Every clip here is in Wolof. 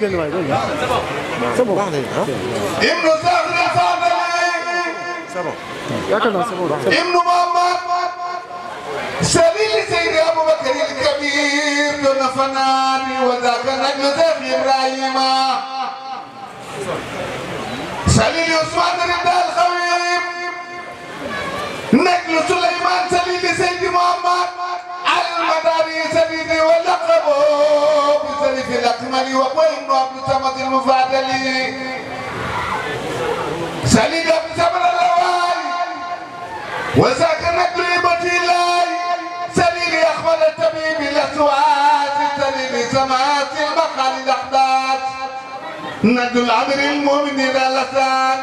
benn waay doon na. Sabo baax nañu ah. Ibnu Sahri Sadali. Sabo yaakaar naa Sabo baax Ibnu Muhammad. Sabili Seydi Abubakar il Kabir doon na fanaan wa zaaka nag Yosef Ibrahima. Salil Ousmane Ribdal Xawib. Nekk lu Souleymane Salili Seydi mali wakwe ndo abdutamati mufadali salida mtamala lawai wazaka nakribati lai سليل أخوان التميم الأسوات سليل سمات المقال الأحداث ند العمر المؤمن إلى لسان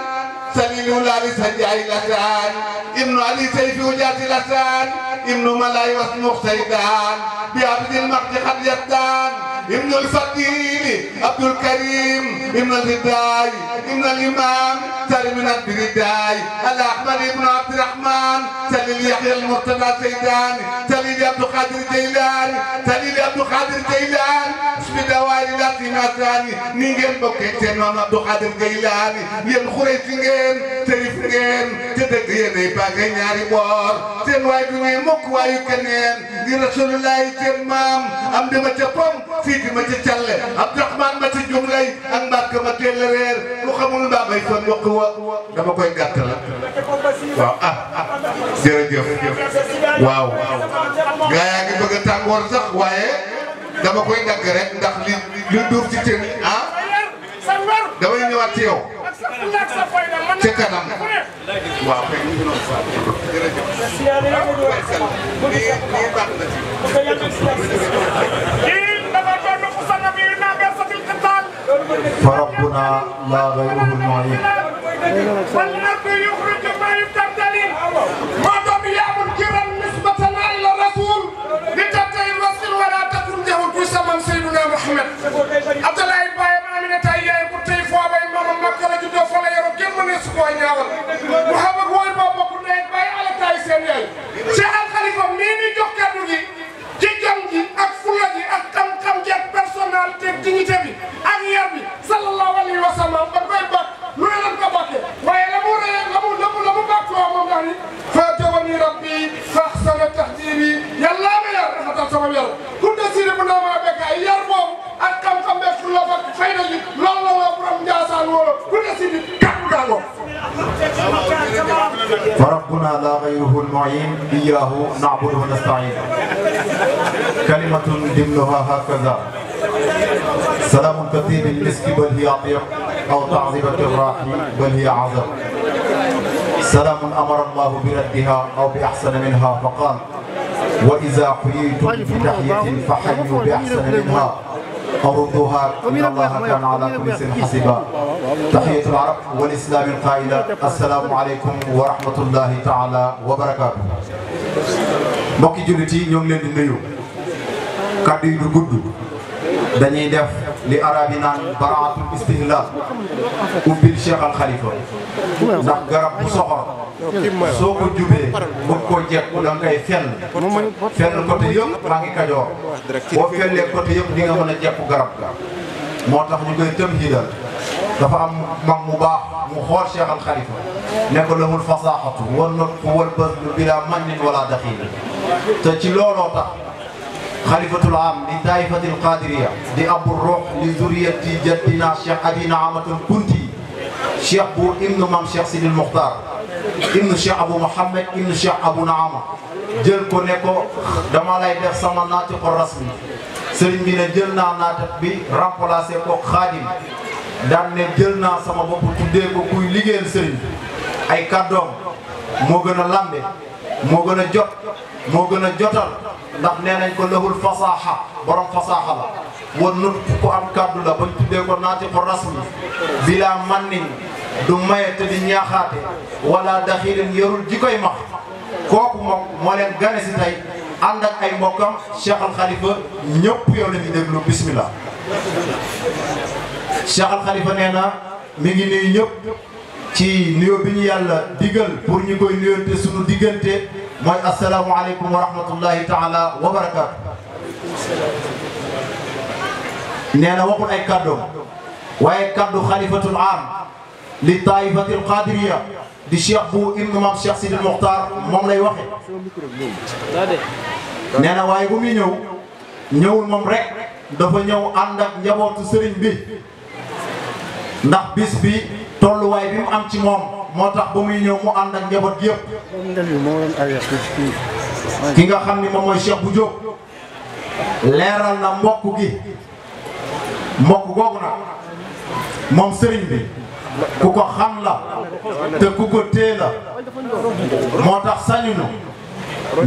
سليل لا لسجعي لسان ابن علي سيف وجات لسان ابن ملاي واسمه سيدان بعبد المقد قد يتان ابن الفقير عبد الكريم ابن الهداي ابن الإمام تالي من البرداي الأحمد ابن عبد الرحمن تالي يحيى المرتضى زيداني تالي عبد القادر جيلاني تالي عبد القادر جيلاني ni maakaani ni ngeen bokkee te noonu Abdou Khadir Jeylaani yéen xuree ci ngeen tërif ngeen te dëgg yéenay bàggee ñaari boor seen waay bi muy mokk waayu keneen di rasulullahi seen maam am di ma ca pom fii di ma ca calle Abdourahman ma ca jumlay ak mbàkk ma teel a reer lu xamul mbaa may fan yokk wa dama koy gàttal waaw ah ah jërëjëf waaw gaa yaa ngi bëgg a tàngoor sax waaye dama koy dagg rek ndax li li duuf ci cër ah damay ñëwaat ci yow ca kanam waaw kay ñu ngi noonu saa jërëjëf فربنا لا غيره المعين koo ñaawal Mouhamad wooy boppam pour ne bàyyi alal taay seen yaay نعبد ونستعين كلمة ضمنها هكذا سلام كثير المسك بل هي أطيب أو تعذبة الراحي بل هي عذر سلام أمر الله بردها أو بأحسن منها فقال وإذا حييتم بتحية فحيوا بأحسن منها أو ردوها إن الله كان على كل شيء حسبا تحية العرب والإسلام القائلة السلام عليكم ورحمة الله تعالى وبركاته mbokki jullit yi ñoo ngi leen di nuyu kàddu yi du gudd dañuy def li arab yi naan baraatul istihlal ubbil Cheikh Al Khalifa ndax garab bu soxor soo ko jubee bëgg koo jekku da nga koy fenn fenn côté yëpp maa ngi kajoor boo fellee côté yëpp di nga a jekku garab ga moo tax ñu koy tëm hiidal dafa am mag mu baax mu xool Cheikh Al Khalifa ne ko lahul fasaaxatu wal nutqu wal bazlu bilaa mannin wala daxiil te ci looloo tax xalifatul am di taifatil qadiriya di abu ruux li zuriyati jaddina Cheikh Abina Amatul Kunti Cheikh bu ibnu mam Cheikh Sidil Muxtaar ibnu Cheikh Abu Mohamed ibnu Cheikh Abu Naama jël ko ne ko dama lay def sama naatiqu rasmi sëriñ bi ne jël naa naatiq bi remplacé ko xaadim daan jël naa sama bopp tuddee ko kuy liggéeyal sëriñ ay kàddoom moo gën a lambe moo gën a jot moo gën a jotal ndax nee nañ ko lahul fasaaxa borom fasaaxa la wan nut ku am kàddu la bañ tuddee ko naati ko rasmi bila mannin du maye te di ñaaxaate wala daxiirin yorul ji max kooku moo leen gane si tey ànd ay mbokkam Cheikh Al Khalifa ñëpp yow la ñu déglu Cheikh Al Khalifa nee na mi ngi nuyu ñëpp ci nuyoo bi ñu yàlla digal pour ñu koy nuyoonte suñu diggante mooy asalaamualeykum wa rahmatullahi taala wa barakaatu. nee na waxul ay kàddoom waaye kàddu xalifatul aam li taifatil qadiriya di cheikh bu ibnu maam cheikh sidil muxtaar moom lay waxe nee na waaye bu muy ñëw ñëwul moom rek dafa ñëw ànd ak njabootu sëriñ bi ndax bis bi tolluwaay bi mu am ci moom moo tax ba muy ñëw mu ànd ak njaboot yëpp. ki nga xam ni moom mooy Cheikh bu Diop leeral na mbokk gi mbokk googu nag moom sëriñ bi ku ko xam la te ku ko tee la moo tax sañunu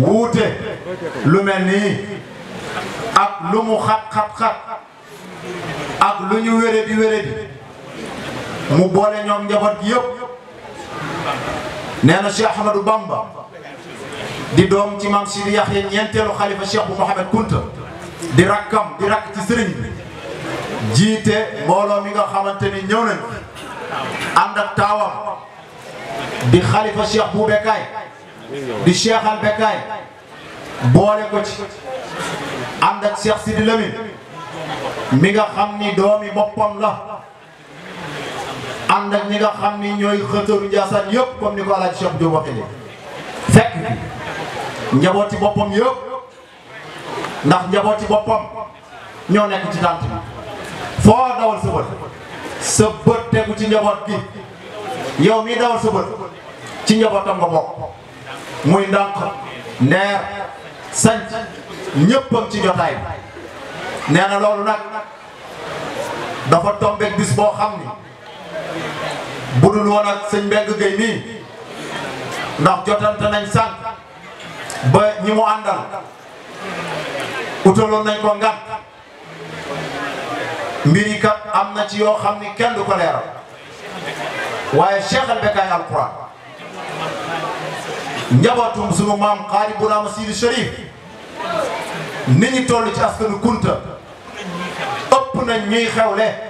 wuute lu mel nii ak lu mu xat xat xat ak lu ñu wére di wéré di mu boole ñoom njaboot gi yëpp nee na Cheikh Ahmadou Bamba di doom ci maam Sidi Yaxya ñeenteelu xalifa Cheikh bu Mouhamed Kunta di rakkam di rakk ci bi jiite mbooloo mi nga xamante ni ñëw nañ ànd ak taawam di xalifa Cheikh bu Bekkaay di Cheikh al Bekkaay boole ko ci ànd ak Cheikh Sidi Lamine mi nga xam ni doomi boppam la am ak ñi nga xam ni ñooy xëtëru Ndiassane yëpp comme ni ko El Hadj Cheikh Diop waxee léegi fekk njabooti boppam yëpp ndax njabooti boppam ñoo nekk ci tànt bi foo dawal sa bët tegu ci njaboot gi yow mii dawal sa ci njabootam nga bokk muy ndànk ndeer sañ ñëppam ci jotaay bi nee na loolu nag dafa tombeeg bis boo xam ni. budul won ak sëñ Mbengue Gueye nii ndax jotante nañ sànq ba ñi mu àndal utaloon nañ ko ngat mbiri kat am na ci yoo xam ni kenn du ko leeral waaye Cheikh Bekkaay alquran njabootum sunu maam xaari Bourama Sidi Chérif ni ñu toll ci askanu Kunta ëpp nañ ñuy xewle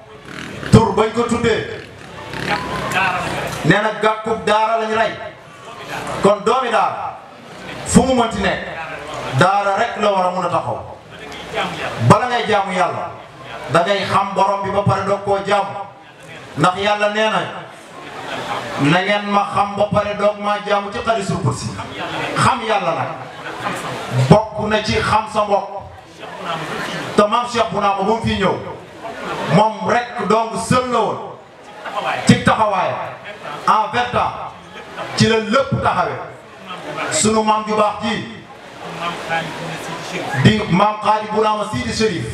tur bañ ko tuddee nee na gàkkub daara lañ rey kon doomi daara fu mu mënti nekk daara rek la war a mun a taxaw bala ngay jaamu yàlla da ngay xam borom bi ba pare doog koo jaamu ndax yàlla nee na na ngeen ma xam ba pare doog maa jaamu ci xadisul kursi xam yàlla nag bokk na ci xam sa mbokk te maam Cheikh bu naa ma ba mu fii ñëw moom rek donc seul la woon ci taxawaayam en vingt ans ci la lépp taxawee sunu maam ju baax di maam xaaji Bourama Sidi Chérif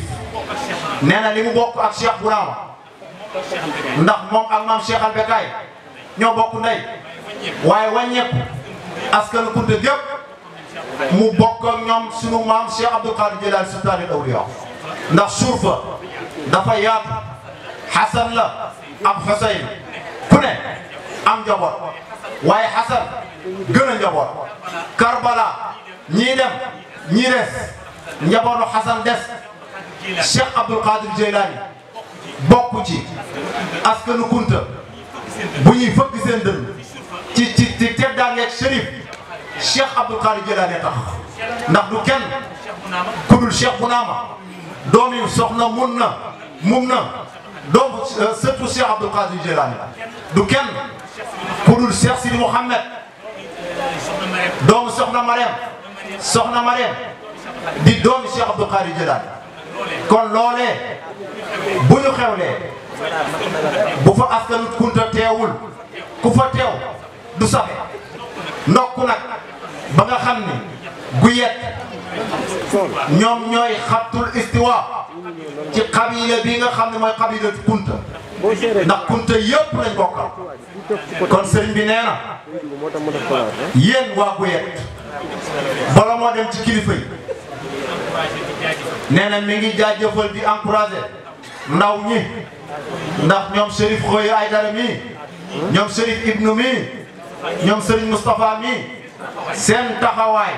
nee na li mu bokk ak Cheikh Bourama ndax moom ak maam Cheikh Albekaay ñoo bokk ndey waaye wàññeeku askan Kunta gépp mu bokk ñoom sunu maam Cheikh Abdou Khadir Jilani Sultaanul Awliyaa ndax suur fa dafa yaatu xasan la am xuseyn ku ne am njaboot waaye xasan gën a njaboot karbala ñii dem ñii des njabootu xasan des cheikh abdul qadir jeylaani bokk ci askanu kunta bu ñuy fëgg seen dënn ci ci ci teddaangeeg shérif cheikh abdul qadir jeylaani tax ndax du kenn ku dul cheikh bunaama doomi soxna mun na ممنا دوم سيتو سي عبد القادر الجيلاني دو كان كودول شيخ سيدي محمد دوم سخنا مريم سخنا مريم دي دوم شيخ عبد القادر الجيلاني كون لولي بوجو خيولي بو فا اسكن كنت تيول كو فا تيو دو صافي نوكو نك باغا خامني غويت نيوم نيوي خطو الاستواء ci xabila bi nga xam ne mooy xabila kunta ndax kunta yëpp lañ bokkal kon sëriñ bi nee na yéen waa Guyette bala moo dem ci kilifa yi nee na mi ngi jaajëfal di encouragé ndaw ñi ndax ñoom Chérif Khoye Aïdara mi ñoom Chérif Ibnu mi ñoom Serigne Moustapha mi seen taxawaay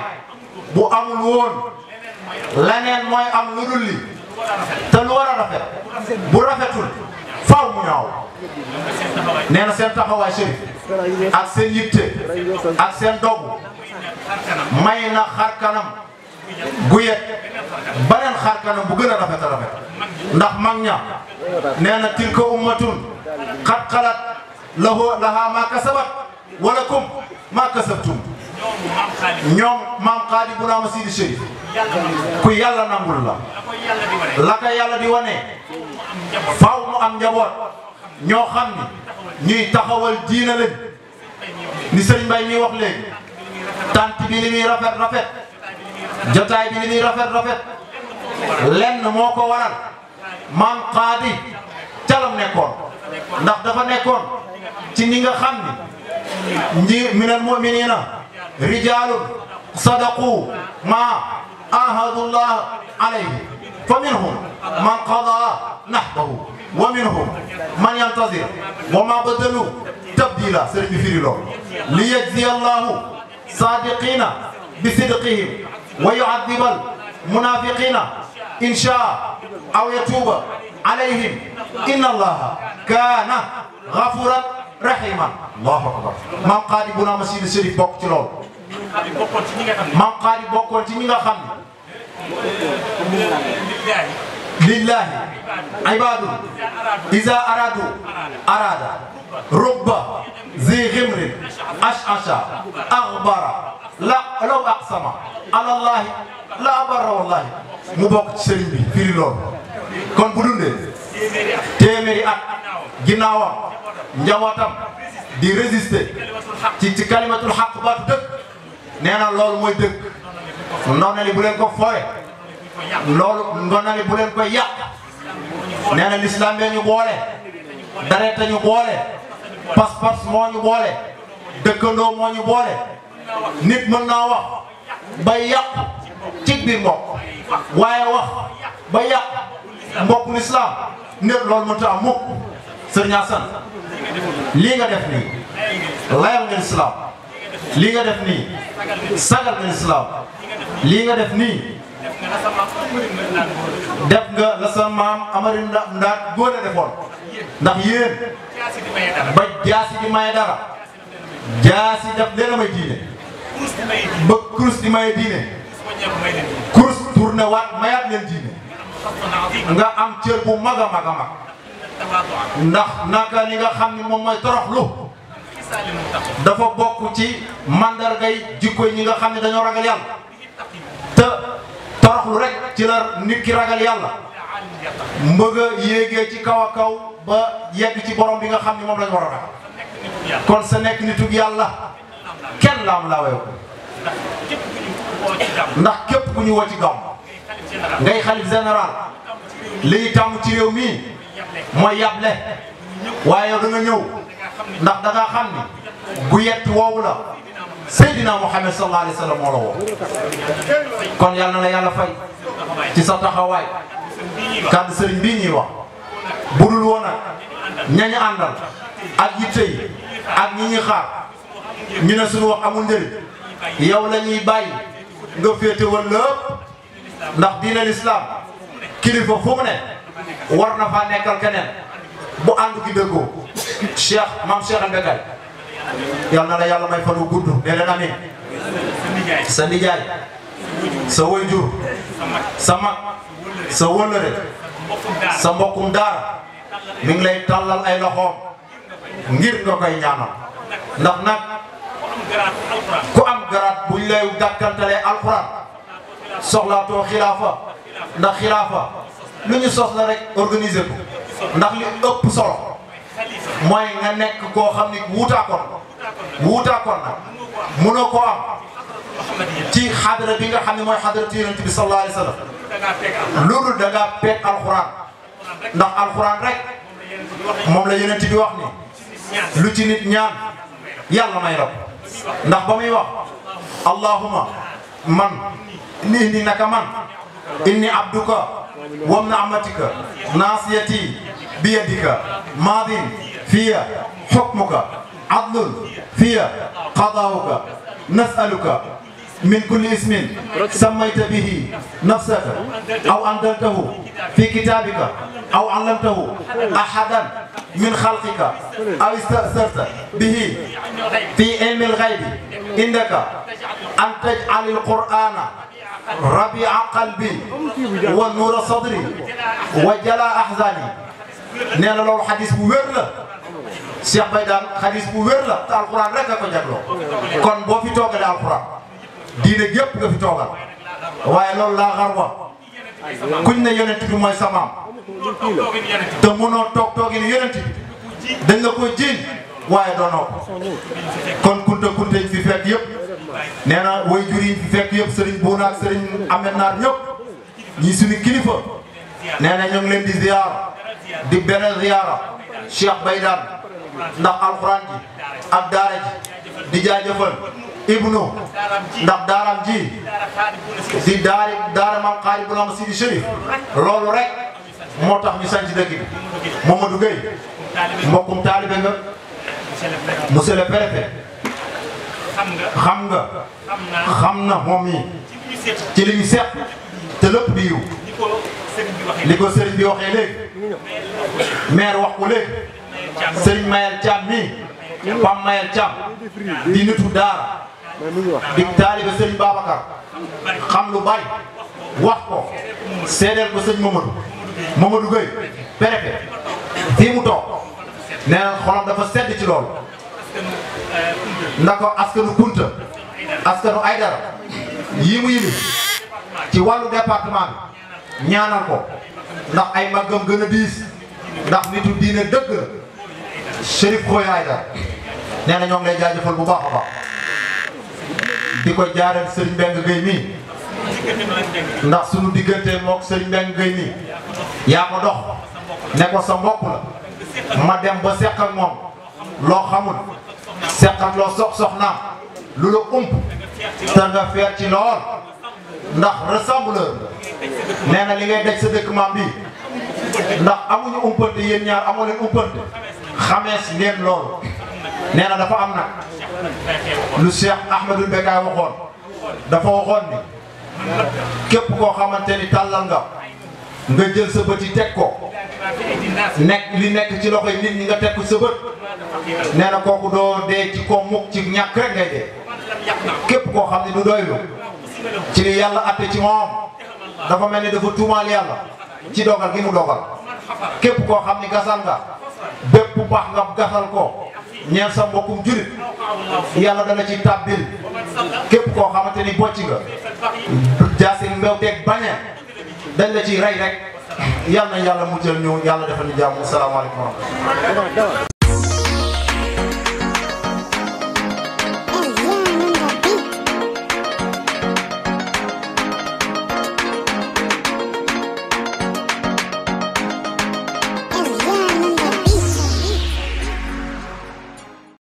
bu amul woon leneen mooy am lu dul li te lu war a rafet bu rafetul faaw mu ñaaw nee na seen taxawaay ak seen yitte ak seen dogu may na xar kanam gu yet beneen kanam bu gën a rafet a rafet ndax mag ña nee na tilka ummatun xat xalat lahu laha ma kasabat walakum ma kasabtum ñoom maam xaali bu naama Sidi Chérif ku yàlla nangul la la yàlla di wone faaw mu am njaboot ñoo xam ni ñuy taxawal diina lañ ni sëriñ Mbay mi wax léegi tant bi li rafet rafet jotaay bi li rafet rafet lenn moo ko waral maam xaadi calam nekkoon ndax dafa nekkoon ci ñi nga xam ni ñi minal mu'minina رجال صدقوا ما أهد الله عليه فمنهم من قضى نحبه ومنهم من ينتظر وما بدلوا تبديلا في الله ليجزي الله صادقين بصدقهم ويعذب المنافقين إن شاء أو يتوب عليهم إن الله كان غفورا رحيما الله أكبر من قال بنا مسجد الشريف بوقت من قال بوكو تي ميغا خامني لله عباد اذا ارادوا اراد رب ذي غمر اشعش اغبر لا لو اقسم على الله لا ابر والله مو بوك سيرن بي في لون كون بودوند تيميري ات غيناوا نجاواتام دي ريزيستي تي كلمه الحق بات دك nee na loolu mooy dëgg ndonali bu leen ko fooye loolu ndonali bu leen ko yàq nee na lislaam bee ñu boole deret ñu boole pas-pas moo ñu boole dëkkandoo moo ñu boole nit mën naa wax ba yàq ci biir mbokk waaye wax ba yàq mbokku lislaam nit loolu mënta am mukk sëriñ lii nga def nii layal nga lislaam lii nga def nii sagal nga lislaam lii nga def nii def nga la sa maam amari ndaat góor a defoon ndax yéen ba jaasi di maye dara jaasi daf leen may diine ba kurus di maye diine kurus tourné mayaat leen diine nga am cër bu mag a mag a mag ndax naka li nga xam ne moom mooy toroxlu dafa bokk ci mandargay jikko yi nga xam ne dañoo ragal yàlla te toroxlu rek ci la nit ki ragal yàlla mbëgg a yéegee ci kaw a kaw ba yegg ci borom bi nga xam ne moom lañu war a ragal kon sa nekk nitug yàlla kenn laam laaweew ndax képp ku ñu woo ci gàmm ngay xalif général liy tàmm ci réew mii mooy yàble waaye yow da ndax da ngaa xam ni bu woowu la Seydina Muhammad sallallahu alayhi wa sallam moo la woo kon yal na yàlla fay ci sa taxawaay kàddu sëriñ bii ñuy wax budul woon ak ñañu àndal ak yitte yi ak ñi ñuy xaar ñu ne suñu wax amul njëriñ yow la ñuy bàyyi nga féete woon lépp ndax diine lislaam kilifa fu ne war na faa nekkal keneen bu ànd ki dëggoo Cheikh maam Cheikh Anta Gaye yal na yàlla may fan wu gudd nee leen amiin sa nijaay sa waajur sa mag sa wëllëre sa mbokkum daara mi lay tàllal ay loxoom ngir nga koy ndax nag ku am garaat buñ lay dàkkantalee alxuraan soxlaatoo xilaafa ndax xilaafa lu ñu sos la rek organiser ndax li ëpp solo mooy nga nekk koo xam ni wuutaakoon wuutaakoon na munoo koo am ci xadra bi nga xam ne mooy xadratu yonent bi sallallahu alayhi wa sallam loolu alxuraan ndax alxuraan rek moom la yonent bi wax ni lu ci nit ñaan yàlla may rab ndax ba muy wax allahuma man nii ni naka man inni abduka wam na amatika naasiyati بيدك ماض في حكمك عدل في قضاؤك نسألك من كل اسم سميت به نفسك أو أنزلته في كتابك أو علمته أحدا من خلقك أو استأثرت به في علم الغيب إنك أن تجعل القرآن ربيع قلبي ونور صدري وجلاء أحزاني nee na loolu xadis bu wér la Cheikh Baye daal xadis bu wér la te alxuraan rek a ko jagloo kon boo fi toogalee alxuraan diine gépp nga fi toogal waaye loolu laa xar wa kuñ ne yonent bi mooy samaam te mënoo toog toogin yonent bi dañ la ko jiiñ waaye doonoo ko kon kunta kunta fi fekk yëpp nee way jur fi fekk yëpp Serigne Bouna ak Amet Naar ñëpp ñi suñu kilifa nee na leen di ziar. di beneen ziyaara Cheikh Baydaan ndax alxuraan ji ak daara ji di ndax daaram ji di daari daara maam xaari bu lam sidi loolu rek moo tax ñu sañ ci dëkk bi Mamadou Gueye mbokkum taalibe nga monsieur le préfet xam nga xam na moom yi ci li ñu seet te li ko sëriñ bi waxee léegi maire wax ko léegi sëriñ Mayel Thiam mii Pam Mayel Thiam di nitu daara di taalibe sëriñ Babacar xam lu bari wax ko seedeel ko sëñ Mamadou Mamadou Gueye préfet fii mu toog nee na xolam dafa sedd ci loolu ndako askanu Kunta askanu Aydara yi mu yimi ci wàllu département ñaanal ko ndax ay màggam gën a diis ndax nitu diine dëgg Chérif Khoya la nee na ñoo ngi lay bu baax a baax di ko jaareel Serigne Mbengue Gueye mii ndax sunu diggante mook Serigne Mbengue Gueye mii yaa ko dox ne ko sa mbokk la ma dem ba seq moom loo xamul seq ak loo sox soxnaam lu la ump te nga feer ci lool ndax rassembleur nee na li ngay daj sa dëkk maam bii ndax amuñu umpante yéen ñaar amoo leen umpante xamees ngeen loolu nee na dafa am nag lu Cheikh Ahmadou Bekkaay waxoon dafa waxoon ni képp koo xamante ni tàllal nga nga jël sa bët yi teg ko nekk li nekk ci loxo yi nit ñi nga teg sa bët nee na kooku doo dee ci ko mukk ci ñàkk rek ngay dee képp koo xam ne du doylu ci li yàlla atte ci moom dafa mel ni dafa tuumaal yàlla ci dogal gi mu dogal képp koo xam ni gasal nga bépp baax nga gasal ko ñeel sa mbokkum jurit yàlla dana ci tàbbil képp koo xamante ni bocc nga jaasin mbew teeg bañee dañ la ci rey rek yàlla na yàlla mujjal ñu yàlla defal ñu jàmm salaamaaleykum wa rahmatulah